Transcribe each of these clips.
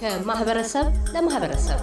ከማህበረሰብ ለማህበረሰብ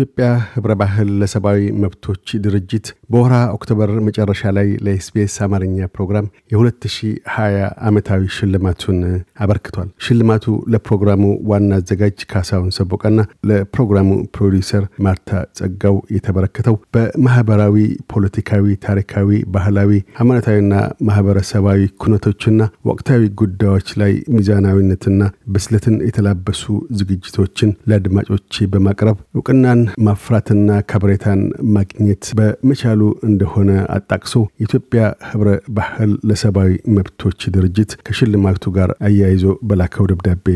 የኢትዮጵያ ህብረ ባህል ለሰብአዊ መብቶች ድርጅት በወራ ኦክቶበር መጨረሻ ላይ ለኤስቢኤስ አማርኛ ፕሮግራም የ2020 ዓመታዊ ሽልማቱን አበርክቷል። ሽልማቱ ለፕሮግራሙ ዋና አዘጋጅ ካሳሁን ሰቦቃና ለፕሮግራሙ ፕሮዲውሰር ማርታ ጸጋው የተበረከተው በማህበራዊ፣ ፖለቲካዊ፣ ታሪካዊ፣ ባህላዊ፣ ሃይማኖታዊና ማህበረሰባዊ ኩነቶችና ወቅታዊ ጉዳዮች ላይ ሚዛናዊነትና ብስለትን የተላበሱ ዝግጅቶችን ለአድማጮች በማቅረብ እውቅናን ማፍራትና ከብሬታን ማግኘት በመቻሉ እንደሆነ አጣቅሶ የኢትዮጵያ ህብረ ባህል ለሰብአዊ መብቶች ድርጅት ከሽልማቱ ጋር አያይዞ በላከው ደብዳቤ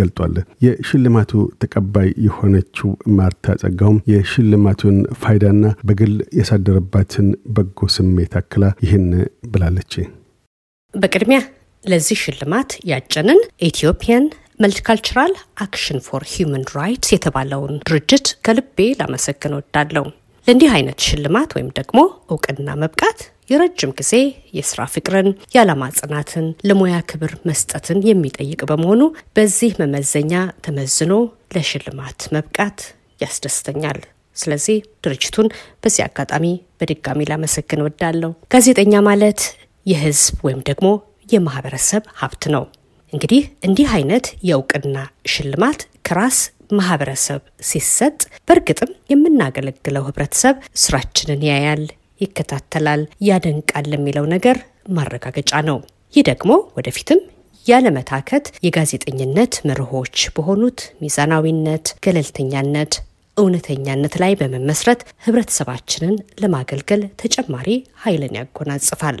ገልጧል። የሽልማቱ ተቀባይ የሆነችው ማርታ ጸጋውም የሽልማቱን ፋይዳና በግል ያሳደረባትን በጎ ስሜት አክላ ይህን ብላለች። በቅድሚያ ለዚህ ሽልማት ያጨንን ኢትዮጵያን መልቲካልቸራል አክሽን ፎር ሂውመን ራይትስ የተባለውን ድርጅት ከልቤ ላመሰግን ወዳለው። ለእንዲህ አይነት ሽልማት ወይም ደግሞ እውቅና መብቃት የረጅም ጊዜ የስራ ፍቅርን፣ የዓላማ ጽናትን፣ ለሙያ ክብር መስጠትን የሚጠይቅ በመሆኑ በዚህ መመዘኛ ተመዝኖ ለሽልማት መብቃት ያስደስተኛል። ስለዚህ ድርጅቱን በዚህ አጋጣሚ በድጋሚ ላመሰግን ወዳለሁ። ጋዜጠኛ ማለት የህዝብ ወይም ደግሞ የማህበረሰብ ሀብት ነው። እንግዲህ እንዲህ አይነት የእውቅና ሽልማት ከራስ ማህበረሰብ ሲሰጥ በእርግጥም የምናገለግለው ህብረተሰብ ስራችንን ያያል፣ ይከታተላል፣ ያደንቃል የሚለው ነገር ማረጋገጫ ነው። ይህ ደግሞ ወደፊትም ያለመታከት የጋዜጠኝነት መርሆች በሆኑት ሚዛናዊነት፣ ገለልተኛነት፣ እውነተኛነት ላይ በመመስረት ህብረተሰባችንን ለማገልገል ተጨማሪ ኃይልን ያጎናጽፋል።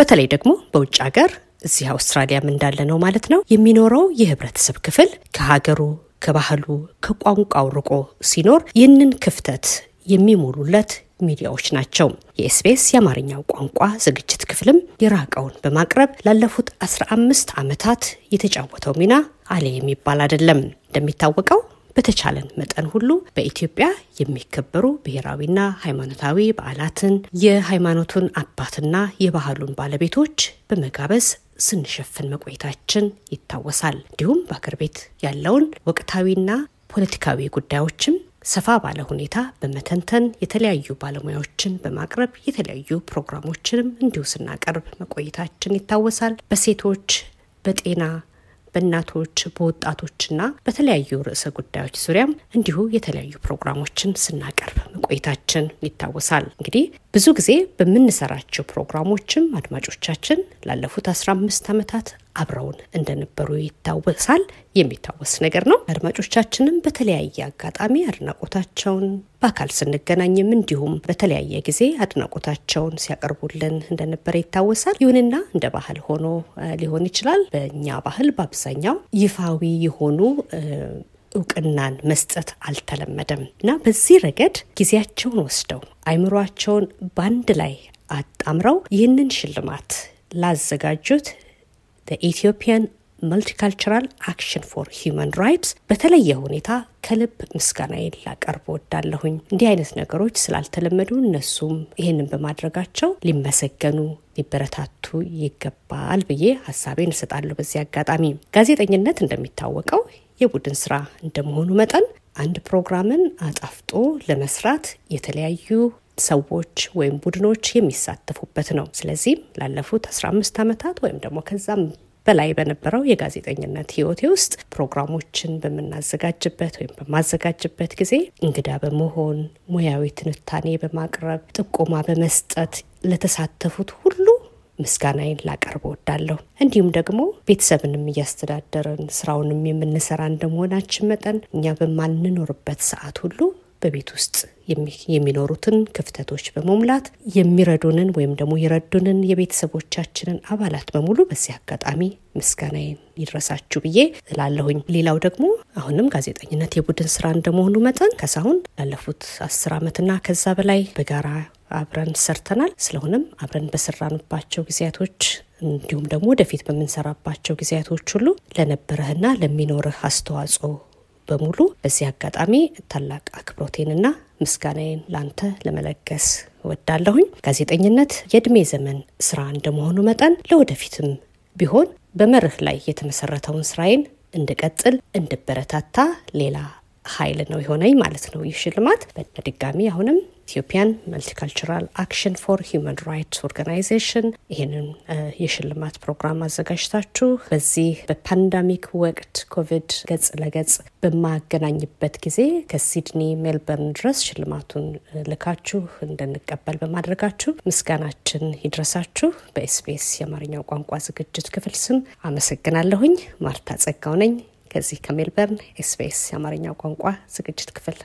በተለይ ደግሞ በውጭ ሀገር እዚህ አውስትራሊያም እንዳለ ነው ማለት ነው የሚኖረው የህብረተሰብ ክፍል ከሀገሩ ከባህሉ ከቋንቋው ርቆ ሲኖር ይህንን ክፍተት የሚሞሉለት ሚዲያዎች ናቸው። የኤስቢኤስ የአማርኛው ቋንቋ ዝግጅት ክፍልም የራቀውን በማቅረብ ላለፉት 15 ዓመታት የተጫወተው ሚና አለ የሚባል አይደለም። እንደሚታወቀው በተቻለን መጠን ሁሉ በኢትዮጵያ የሚከበሩ ብሔራዊና ሃይማኖታዊ በዓላትን የሃይማኖቱን አባትና የባህሉን ባለቤቶች በመጋበዝ ስንሸፍን መቆየታችን ይታወሳል። እንዲሁም በአገር ቤት ያለውን ወቅታዊና ፖለቲካዊ ጉዳዮችም ሰፋ ባለ ሁኔታ በመተንተን የተለያዩ ባለሙያዎችን በማቅረብ የተለያዩ ፕሮግራሞችንም እንዲሁ ስናቀርብ መቆየታችን ይታወሳል። በሴቶች፣ በጤና፣ በእናቶች፣ በወጣቶችና በተለያዩ ርዕሰ ጉዳዮች ዙሪያም እንዲሁ የተለያዩ ፕሮግራሞችን ስናቀርብ መቆየታችን ይታወሳል። እንግዲህ ብዙ ጊዜ በምንሰራቸው ፕሮግራሞችም አድማጮቻችን ላለፉት 15 ዓመታት አብረውን እንደነበሩ ይታወሳል። የሚታወስ ነገር ነው። አድማጮቻችንም በተለያየ አጋጣሚ አድናቆታቸውን በአካል ስንገናኝም እንዲሁም በተለያየ ጊዜ አድናቆታቸውን ሲያቀርቡልን እንደነበረ ይታወሳል። ይሁንና እንደ ባህል ሆኖ ሊሆን ይችላል። በእኛ ባህል በአብዛኛው ይፋዊ የሆኑ እውቅናን መስጠት አልተለመደም እና በዚህ ረገድ ጊዜያቸውን ወስደው አይምሯቸውን በአንድ ላይ አጣምረው ይህንን ሽልማት ላዘጋጁት ኢትዮጵያን መልቲካልቸራል አክሽን ፎር ሂዩማን ራይትስ በተለየ ሁኔታ ከልብ ምስጋና ላቀርብ ወዳለሁኝ። እንዲህ አይነት ነገሮች ስላልተለመዱ እነሱም ይህንን በማድረጋቸው ሊመሰገኑ ሊበረታቱ ይገባል ብዬ ሀሳቤን እሰጣለሁ። በዚህ አጋጣሚ ጋዜጠኝነት እንደሚታወቀው የቡድን ስራ እንደመሆኑ መጠን አንድ ፕሮግራምን አጣፍጦ ለመስራት የተለያዩ ሰዎች ወይም ቡድኖች የሚሳተፉበት ነው። ስለዚህም ላለፉት 15 ዓመታት ወይም ደግሞ ከዛም በላይ በነበረው የጋዜጠኝነት ህይወቴ ውስጥ ፕሮግራሞችን በምናዘጋጅበት ወይም በማዘጋጅበት ጊዜ እንግዳ በመሆን ሙያዊ ትንታኔ በማቅረብ ጥቆማ በመስጠት ለተሳተፉት ሁሉ ምስጋናዬን ላቀርብ ወዳለሁ እንዲሁም ደግሞ ቤተሰብንም እያስተዳደርን ስራውንም የምንሰራ እንደመሆናችን መጠን እኛ በማንኖርበት ሰዓት ሁሉ በቤት ውስጥ የሚኖሩትን ክፍተቶች በመሙላት የሚረዱንን ወይም ደግሞ የረዱንን የቤተሰቦቻችንን አባላት በሙሉ በዚህ አጋጣሚ ምስጋናዬን ይድረሳችሁ ብዬ እላለሁኝ። ሌላው ደግሞ አሁንም ጋዜጠኝነት የቡድን ስራ እንደመሆኑ መጠን ከሳሁን ላለፉት አስር ዓመትና ከዛ በላይ በጋራ አብረን ሰርተናል። ስለሆነም አብረን በሰራንባቸው ጊዜያቶች እንዲሁም ደግሞ ወደፊት በምንሰራባቸው ጊዜያቶች ሁሉ ለነበረህና ለሚኖርህ አስተዋጽኦ በሙሉ በዚህ አጋጣሚ ታላቅ አክብሮቴንና ምስጋናዬን ላንተ ለመለገስ ወዳለሁኝ። ጋዜጠኝነት የእድሜ ዘመን ስራ እንደመሆኑ መጠን ለወደፊትም ቢሆን በመርህ ላይ የተመሰረተውን ስራዬን እንድቀጥል እንድበረታታ ሌላ ኃይል ነው የሆነኝ ማለት ነው። ይህ ሽልማት በድጋሚ አሁንም ኢትዮጵያን መልቲካልቸራል አክሽን ፎር ሂውማን ራይትስ ኦርጋናይዜሽን ይህንን የሽልማት ፕሮግራም አዘጋጅታችሁ በዚህ በፓንዳሚክ ወቅት ኮቪድ ገጽ ለገጽ በማገናኝበት ጊዜ ከሲድኒ ሜልበርን ድረስ ሽልማቱን ልካችሁ እንድንቀበል በማድረጋችሁ ምስጋናችን ይድረሳችሁ። በኤስቢኤስ የአማርኛው ቋንቋ ዝግጅት ክፍል ስም አመሰግናለሁኝ። ማርታ ጸጋው ነኝ ከዚህ ከሜልበርን ኤስቢኤስ የአማርኛው ቋንቋ ዝግጅት ክፍል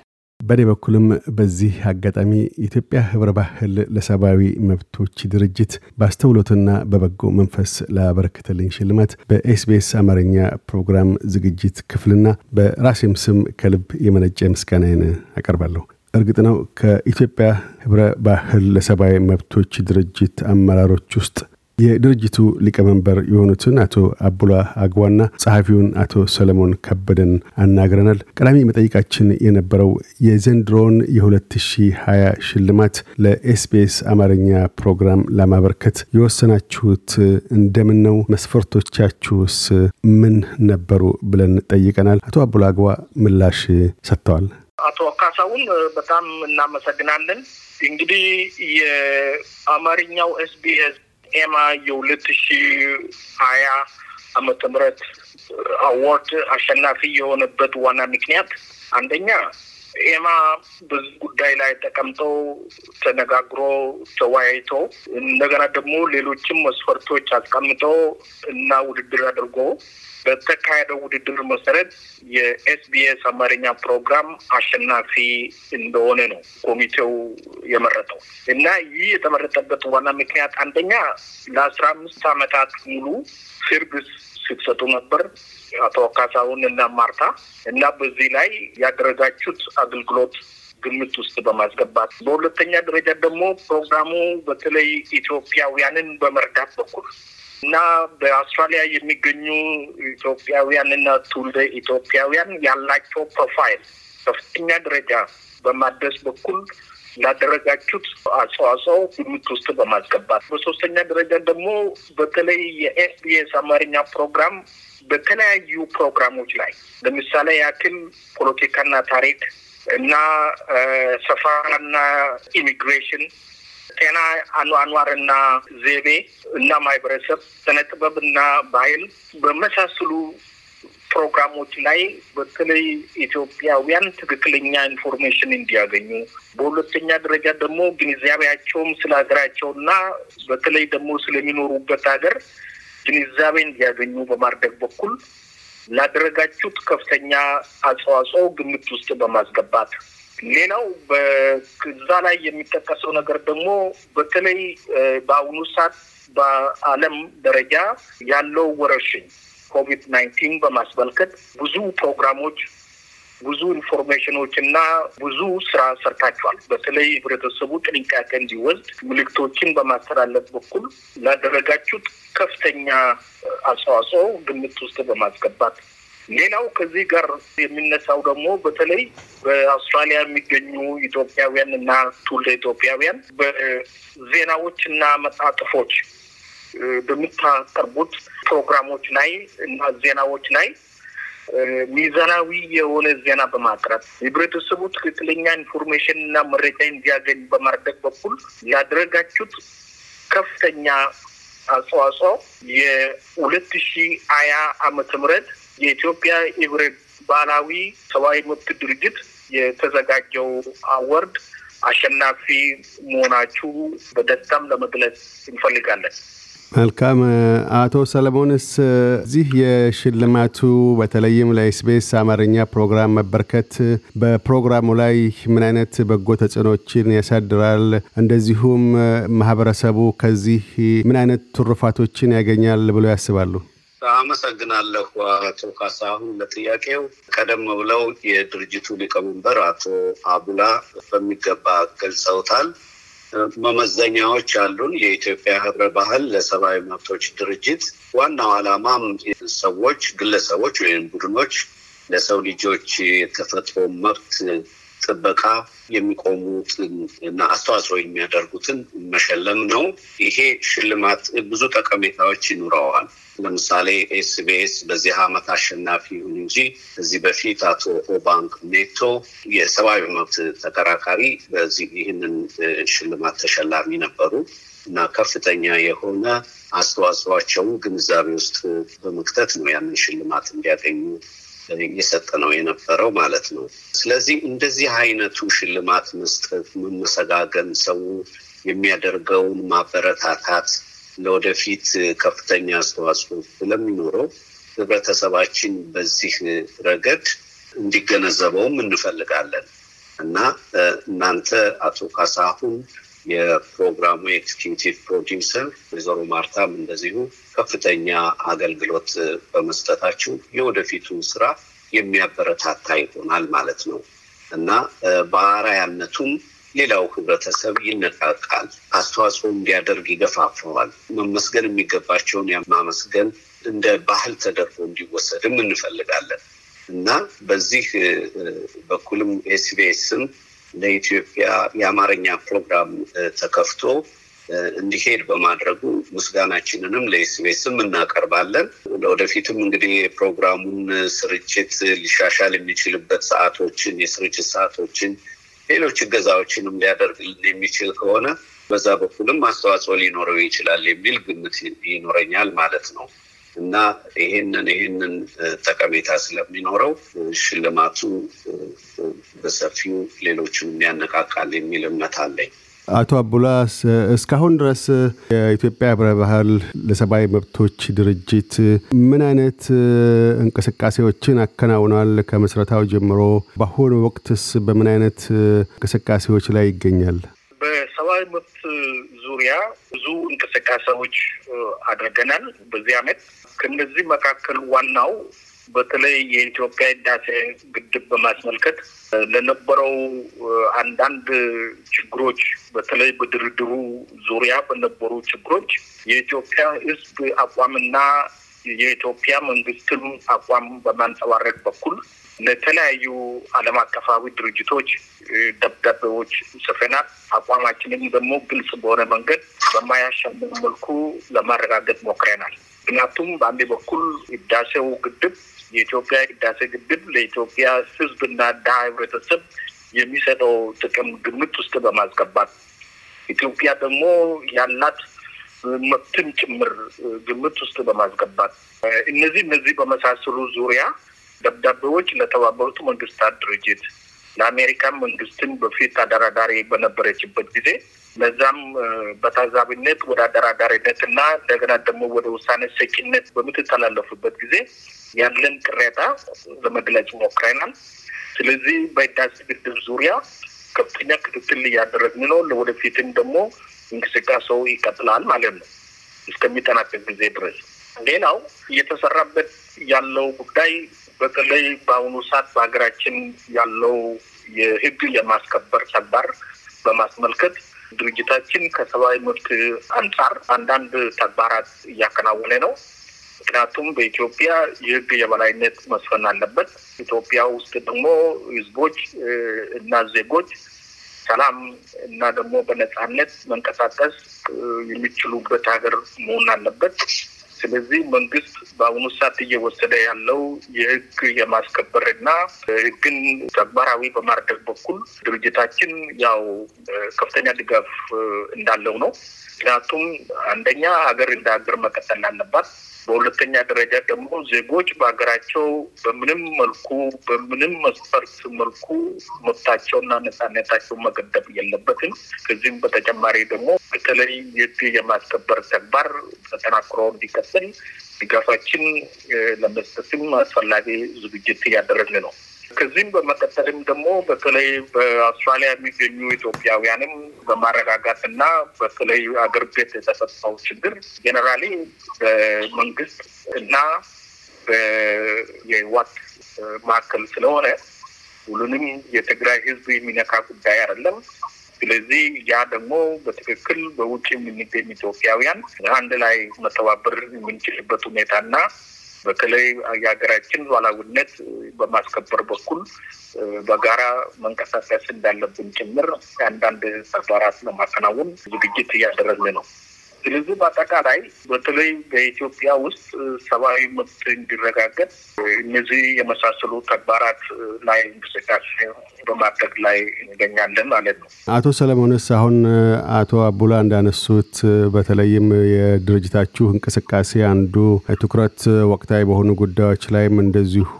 በእኔ በኩልም በዚህ አጋጣሚ የኢትዮጵያ ህብረ ባህል ለሰብአዊ መብቶች ድርጅት በአስተውሎትና በበጎ መንፈስ ላበረከተልኝ ሽልማት በኤስቢኤስ አማርኛ ፕሮግራም ዝግጅት ክፍልና በራሴም ስም ከልብ የመነጨ ምስጋናዬን አቀርባለሁ። እርግጥ ነው ከኢትዮጵያ ህብረ ባህል ለሰብአዊ መብቶች ድርጅት አመራሮች ውስጥ የድርጅቱ ሊቀመንበር የሆኑትን አቶ አቡላ አግዋና ጸሐፊውን አቶ ሰለሞን ከበደን አናግረናል። ቀዳሚ መጠይቃችን የነበረው የዘንድሮውን የ2020 ሽልማት ለኤስቢኤስ አማርኛ ፕሮግራም ለማበርከት የወሰናችሁት እንደምን ነው? መስፈርቶቻችሁስ ምን ነበሩ? ብለን ጠይቀናል። አቶ አቡላ አግዋ ምላሽ ሰጥተዋል። አቶ ካሳውን በጣም እናመሰግናለን። እንግዲህ የአማርኛው ኤስቢኤስ ኤማ የሁለት ሺ ሀያ አመተ ምህረት አዋርድ አሸናፊ የሆነበት ዋና ምክንያት አንደኛ ኤማ ብዙ ጉዳይ ላይ ተቀምጠው ተነጋግሮ ተወያይቶ እንደገና ደግሞ ሌሎችም መስፈርቶች አስቀምጠው እና ውድድር አድርጎ በተካሄደው ውድድር መሰረት የኤስቢኤስ አማርኛ ፕሮግራም አሸናፊ እንደሆነ ነው ኮሚቴው የመረጠው እና ይህ የተመረጠበት ዋና ምክንያት አንደኛ ለአስራ አምስት ዓመታት ሙሉ ሰርቪስ ስትሰጡ ነበር አቶ ካሳሁን እና ማርታ እና በዚህ ላይ ያደረጋችሁት አገልግሎት ግምት ውስጥ በማስገባት በሁለተኛ ደረጃ ደግሞ ፕሮግራሙ በተለይ ኢትዮጵያውያንን በመርዳት በኩል እና በአውስትራሊያ የሚገኙ ኢትዮጵያውያን እና ትውልደ ኢትዮጵያውያን ያላቸው ፕሮፋይል ከፍተኛ ደረጃ በማደስ በኩል ላደረጋችሁት አስተዋጽኦ ግምት ውስጥ በማስገባት በሶስተኛ ደረጃ ደግሞ በተለይ የኤስቢኤስ አማርኛ ፕሮግራም በተለያዩ ፕሮግራሞች ላይ ለምሳሌ ያክል ፖለቲካና ታሪክ እና ሰፋራና ኢሚግሬሽን ጤና፣ አኗኗርና ዘይቤ እና ማህበረሰብ፣ ስነ እና ባህል በመሳሰሉ ፕሮግራሞች ላይ በተለይ ኢትዮጵያውያን ትክክለኛ ኢንፎርሜሽን እንዲያገኙ፣ በሁለተኛ ደረጃ ደግሞ ግንዛቤያቸውም ስለ ሀገራቸውና በተለይ ደግሞ ስለሚኖሩበት ሀገር ግንዛቤ እንዲያገኙ በማድረግ በኩል ላደረጋችሁት ከፍተኛ አስተዋጽኦ ግምት ውስጥ በማስገባት ሌላው በዛ ላይ የሚጠቀሰው ነገር ደግሞ በተለይ በአሁኑ ሰዓት በዓለም ደረጃ ያለው ወረርሽኝ ኮቪድ ናይንቲን በማስመልከት ብዙ ፕሮግራሞች፣ ብዙ ኢንፎርሜሽኖች እና ብዙ ስራ ሰርታችኋል። በተለይ ህብረተሰቡ ጥንቃቄ እንዲወስድ ምልክቶችን በማስተላለፍ በኩል ላደረጋችሁት ከፍተኛ አስተዋጽኦ ግምት ውስጥ በማስገባት ሌላው ከዚህ ጋር የሚነሳው ደግሞ በተለይ በአውስትራሊያ የሚገኙ ኢትዮጵያውያን እና ትውልደ ኢትዮጵያውያን በዜናዎች እና መጣጥፎች በምታቀርቡት ፕሮግራሞች ላይ እና ዜናዎች ላይ ሚዛናዊ የሆነ ዜና በማቅረብ ህብረተሰቡ ትክክለኛ ኢንፎርሜሽን እና መረጃ እንዲያገኝ በማድረግ በኩል ያደረጋችሁት ከፍተኛ አስተዋጽኦ የሁለት ሺ ሀያ ዓመተ ምህረት የኢትዮጵያ ኢብሬድ ባህላዊ ሰብአዊ መብት ድርጅት የተዘጋጀው አወርድ አሸናፊ መሆናችሁ በደስታም ለመግለጽ እንፈልጋለን። መልካም አቶ ሰለሞንስ እዚህ የሽልማቱ በተለይም ለኤስቢኤስ አማርኛ ፕሮግራም መበርከት በፕሮግራሙ ላይ ምን አይነት በጎ ተጽዕኖችን ያሳድራል? እንደዚሁም ማህበረሰቡ ከዚህ ምን አይነት ትሩፋቶችን ያገኛል ብሎ ያስባሉ? አመሰግናለሁ አቶ ካሳሁን ለጥያቄው። ቀደም ብለው የድርጅቱ ሊቀመንበር አቶ አቡላ በሚገባ ገልጸውታል። መመዘኛዎች አሉን። የኢትዮጵያ ህብረ ባህል ለሰብአዊ መብቶች ድርጅት ዋናው አላማም ሰዎች፣ ግለሰቦች ወይም ቡድኖች ለሰው ልጆች የተፈጥሮ መብት ጥበቃ የሚቆሙትን እና አስተዋጽኦ የሚያደርጉትን መሸለም ነው። ይሄ ሽልማት ብዙ ጠቀሜታዎች ይኑረዋል። ለምሳሌ ኤስቢኤስ በዚህ ዓመት አሸናፊ ይሁን እንጂ ከዚህ በፊት አቶ ኦባንክ ኔቶ የሰብአዊ መብት ተከራካሪ በዚህ ይህንን ሽልማት ተሸላሚ ነበሩ እና ከፍተኛ የሆነ አስተዋጽኦአቸውን ግንዛቤ ውስጥ በመክተት ነው ያንን ሽልማት እንዲያገኙ እየሰጠ ነው የነበረው ማለት ነው። ስለዚህ እንደዚህ አይነቱ ሽልማት መስጠት፣ መመሰጋገን፣ ሰው የሚያደርገውን ማበረታታት ለወደፊት ከፍተኛ አስተዋጽኦ ስለሚኖረው ህብረተሰባችን በዚህ ረገድ እንዲገነዘበውም እንፈልጋለን እና እናንተ አቶ ካሳሁን የፕሮግራሙ ኤክስኪቲቭ ፕሮዲውሰር ወይዘሮ ማርታም እንደዚሁ ከፍተኛ አገልግሎት በመስጠታችሁ የወደፊቱ ስራ የሚያበረታታ ይሆናል ማለት ነው እና በአራያነቱም ሌላው ህብረተሰብ ይነቃቃል፣ አስተዋጽኦ እንዲያደርግ ይገፋፈዋል። መመስገን የሚገባቸውን ያማመስገን እንደ ባህል ተደርጎ እንዲወሰድም እንፈልጋለን እና በዚህ በኩልም ኤስቤስም ለኢትዮጵያ የአማርኛ ፕሮግራም ተከፍቶ እንዲሄድ በማድረጉ ምስጋናችንንም ለኤስቤስም እናቀርባለን። ለወደፊትም እንግዲህ የፕሮግራሙን ስርጭት ሊሻሻል የሚችልበት ሰዓቶችን፣ የስርጭት ሰዓቶችን፣ ሌሎች እገዛዎችንም ሊያደርግልን የሚችል ከሆነ በዛ በኩልም አስተዋጽኦ ሊኖረው ይችላል የሚል ግምት ይኖረኛል ማለት ነው። እና ይሄንን ይሄንን ጠቀሜታ ስለሚኖረው ሽልማቱ በሰፊው ሌሎችን ያነቃቃል የሚል እምነት አለኝ። አቶ አቡላ እስካሁን ድረስ የኢትዮጵያ ህብረ ባህል ለሰብአዊ መብቶች ድርጅት ምን አይነት እንቅስቃሴዎችን አከናውኗል? ከመስረታው ጀምሮ በአሁኑ ወቅትስ በምን አይነት እንቅስቃሴዎች ላይ ይገኛል? በሰብአዊ መብት ዙሪያ ብዙ እንቅስቃሴዎች አድርገናል በዚህ አመት። ከነዚህ መካከል ዋናው በተለይ የኢትዮጵያ ህዳሴ ግድብ በማስመልከት ለነበረው አንዳንድ ችግሮች በተለይ በድርድሩ ዙሪያ በነበሩ ችግሮች የኢትዮጵያ ህዝብ አቋምና የኢትዮጵያ መንግስትም አቋም በማንጸባረቅ በኩል ለተለያዩ ዓለም አቀፋዊ ድርጅቶች ደብዳቤዎች ጽፈናል። አቋማችንም ደግሞ ግልጽ በሆነ መንገድ በማያሸምር መልኩ ለማረጋገጥ ሞክረናል። ምክንያቱም በአንድ በኩል ህዳሴው ግድብ የኢትዮጵያ ህዳሴ ግድብ ለኢትዮጵያ ህዝብና ድሀ ህብረተሰብ የሚሰጠው ጥቅም ግምት ውስጥ በማስገባት ኢትዮጵያ ደግሞ ያላት መብትን ጭምር ግምት ውስጥ በማስገባት እነዚህ እነዚህ በመሳሰሉ ዙሪያ ደብዳቤዎች ለተባበሩት መንግስታት ድርጅት ለአሜሪካን መንግስትን በፊት አደራዳሪ በነበረችበት ጊዜ ለዛም በታዛቢነት ወደ አደራዳሪነት እና እንደገና ደግሞ ወደ ውሳኔ ሰጪነት በምትተላለፉበት ጊዜ ያለን ቅሬታ ለመግለጽ ሞክረናል። ስለዚህ በህዳሴ ግድብ ዙሪያ ከፍተኛ ክትትል እያደረግን ነው። ለወደፊትም ደግሞ እንቅስቃሴው ይቀጥላል ማለት ነው እስከሚጠናቀቅ ጊዜ ድረስ። ሌላው እየተሰራበት ያለው ጉዳይ በተለይ በአሁኑ ሰዓት በሀገራችን ያለው የህግ የማስከበር ተግባር በማስመልከት ድርጅታችን ከሰብአዊ መብት አንጻር አንዳንድ ተግባራት እያከናወነ ነው። ምክንያቱም በኢትዮጵያ የህግ የበላይነት መስፈን አለበት። ኢትዮጵያ ውስጥ ደግሞ ህዝቦች እና ዜጎች ሰላም እና ደግሞ በነፃነት መንቀሳቀስ የሚችሉበት ሀገር መሆን አለበት። ስለዚህ መንግስት በአሁኑ ሰዓት እየወሰደ ያለው የህግ የማስከበር እና ህግን ተግባራዊ በማድረግ በኩል ድርጅታችን ያው ከፍተኛ ድጋፍ እንዳለው ነው። ምክንያቱም አንደኛ ሀገር እንደ ሀገር መቀጠል አለባት። በሁለተኛ ደረጃ ደግሞ ዜጎች በሀገራቸው በምንም መልኩ በምንም መስፈርት መልኩ መብታቸውና ነፃነታቸው መገደብ የለበትም። ከዚህም በተጨማሪ ደግሞ በተለይ የህግ የማስከበር ተግባር ተጠናክሮ እንዲቀጥል ድጋፋችን ለመስጠትም አስፈላጊ ዝግጅት እያደረግን ነው። ከዚህም በመቀጠልም ደግሞ በተለይ በአውስትራሊያ የሚገኙ ኢትዮጵያውያንም በማረጋጋት እና በተለይ አገር ቤት የተሰጠው ችግር ጀነራሊ በመንግስት እና የህወሓት ማዕከል ስለሆነ ሁሉንም የትግራይ ህዝብ የሚነካ ጉዳይ አይደለም። ስለዚህ ያ ደግሞ በትክክል በውጭ የምንገኝ ኢትዮጵያውያን አንድ ላይ መተባበር የምንችልበት ሁኔታና በተለይ የሀገራችን ሉዓላዊነት በማስከበር በኩል በጋራ መንቀሳቀስ እንዳለብን ጭምር አንዳንድ ተግባራት ለማከናወን ዝግጅት እያደረግን ነው። ስለዚህ በአጠቃላይ በተለይ በኢትዮጵያ ውስጥ ሰብአዊ መብት እንዲረጋገጥ እነዚህ የመሳሰሉ ተግባራት ላይ እንቅስቃሴ በማድረግ ላይ እንገኛለን ማለት ነው። አቶ ሰለሞንስ አሁን አቶ አቡላ እንዳነሱት በተለይም የድርጅታችሁ እንቅስቃሴ አንዱ ትኩረት ወቅታዊ በሆኑ ጉዳዮች ላይም እንደዚሁ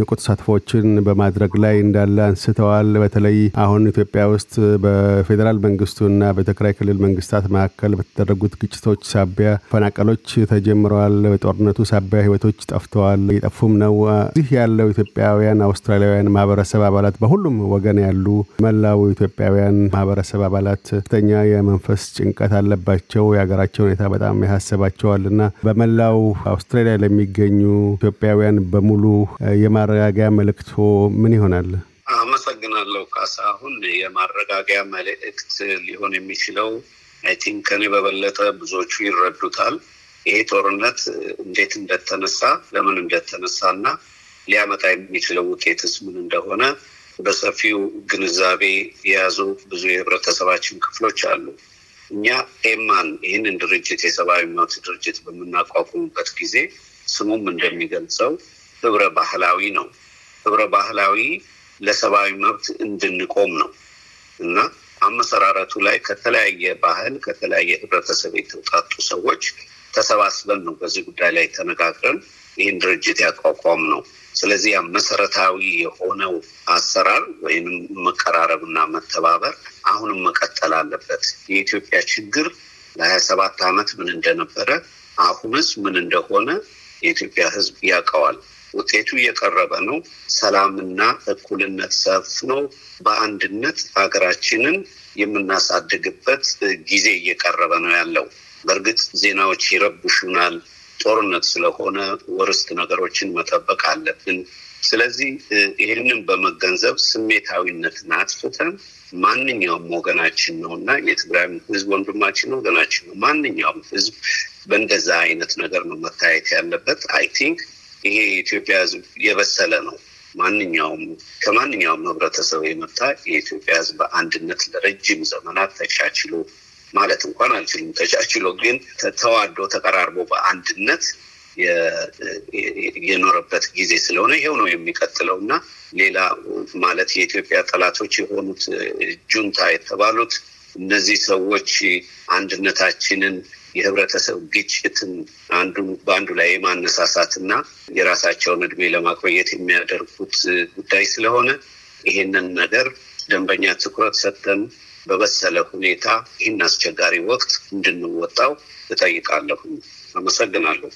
ንቁ ተሳትፎችን በማድረግ ላይ እንዳለ አንስተዋል። በተለይ አሁን ኢትዮጵያ ውስጥ በፌዴራል መንግስቱና በትግራይ ክልል መንግስታት መካከል በተደረጉት ግጭቶች ሳቢያ ፈናቀሎች ተጀምረዋል። በጦርነቱ ሳቢያ ህይወቶች ጠፍተዋል፣ እየጠፉም ነው። እዚህ ያለው ኢትዮጵያውያን አውስትራሊያውያን ማህበረሰብ አባላት በሁሉም ወገን ያሉ መላው ኢትዮጵያውያን ማህበረሰብ አባላት ከፍተኛ የመንፈስ ጭንቀት አለባቸው። የሀገራቸው ሁኔታ በጣም ያሳስባቸዋል እና በመላው አውስትራሊያ ለሚገኙ ኢትዮጵያውያን በሙሉ የማረጋጊያ መልእክቶ ምን ይሆናል? አመሰግናለሁ ካሳሁን። የማረጋጊያ መልእክት ሊሆን የሚችለው አይ ቲንክ ከኔ በበለጠ ብዙዎቹ ይረዱታል። ይሄ ጦርነት እንዴት እንደተነሳ፣ ለምን እንደተነሳ እና ሊያመጣ የሚችለው ውጤትስ ምን እንደሆነ በሰፊው ግንዛቤ የያዙ ብዙ የህብረተሰባችን ክፍሎች አሉ። እኛ ኤማን ይህንን ድርጅት የሰብአዊ መብት ድርጅት በምናቋቁምበት ጊዜ ስሙም እንደሚገልጸው ህብረ ባህላዊ ነው። ህብረ ባህላዊ ለሰብአዊ መብት እንድንቆም ነው እና አመሰራረቱ ላይ ከተለያየ ባህል ከተለያየ ህብረተሰብ የተውጣጡ ሰዎች ተሰባስበን ነው በዚህ ጉዳይ ላይ ተነጋግረን ይህን ድርጅት ያቋቋም ነው። ስለዚህ ያ መሰረታዊ የሆነው አሰራር ወይም ና መተባበር አሁንም መቀጠል አለበት። የኢትዮጵያ ችግር ለሀያ ሰባት ዓመት ምን እንደነበረ አሁንስ ምን እንደሆነ የኢትዮጵያ ህዝብ ያውቀዋል። ውጤቱ እየቀረበ ነው። ሰላምና እኩልነት ሰፍኖ በአንድነት ሀገራችንን የምናሳድግበት ጊዜ እየቀረበ ነው ያለው። በእርግጥ ዜናዎች ይረብሹናል። ጦርነት ስለሆነ ወርስት ነገሮችን መጠበቅ አለብን። ስለዚህ ይህንን በመገንዘብ ስሜታዊነትን አጥፍተን ማንኛውም ወገናችን ነው እና የትግራይ ህዝብ ወንድማችን ወገናችን ነው። ማንኛውም ህዝብ በእንደዛ አይነት ነገር ነው መታየት ያለበት አይ ቲንክ ይሄ የኢትዮጵያ ህዝብ የበሰለ ነው። ማንኛውም ከማንኛውም ህብረተሰብ የመጣ የኢትዮጵያ ህዝብ በአንድነት ለረጅም ዘመናት ተቻችሎ ማለት እንኳን አልችልም፣ ተቻችሎ ግን ተዋዶ ተቀራርቦ በአንድነት የኖረበት ጊዜ ስለሆነ ይሄው ነው የሚቀጥለው እና ሌላ ማለት የኢትዮጵያ ጠላቶች የሆኑት ጁንታ የተባሉት እነዚህ ሰዎች አንድነታችንን የህብረተሰብ ግጭትን አንዱ በአንዱ ላይ የማነሳሳት እና የራሳቸውን እድሜ ለማቆየት የሚያደርጉት ጉዳይ ስለሆነ ይህንን ነገር ደንበኛ ትኩረት ሰጥተን በበሰለ ሁኔታ ይህን አስቸጋሪ ወቅት እንድንወጣው እጠይቃለሁ። አመሰግናለሁ።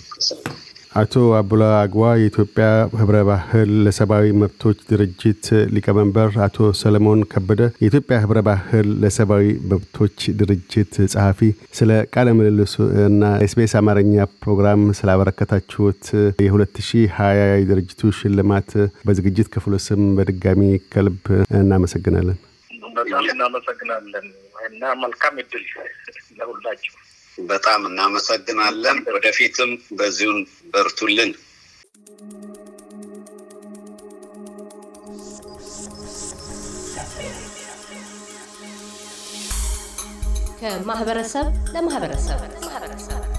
አቶ አቡላ አግዋ የኢትዮጵያ ህብረ ባህል ለሰብአዊ መብቶች ድርጅት ሊቀመንበር፣ አቶ ሰለሞን ከበደ የኢትዮጵያ ህብረ ባህል ለሰብአዊ መብቶች ድርጅት ጸሐፊ፣ ስለ ቃለ ምልልሱ እና ኤስቢኤስ አማርኛ ፕሮግራም ስላበረከታችሁት የ2020 የድርጅቱ ሽልማት በዝግጅት ክፍሉ ስም በድጋሚ ከልብ እናመሰግናለን። እናመሰግናለን እና መልካም እድል ለሁላችሁ። በጣም እናመሰግናለን። ወደፊትም በዚሁን በርቱልን። ከማህበረሰብ ለማህበረሰብ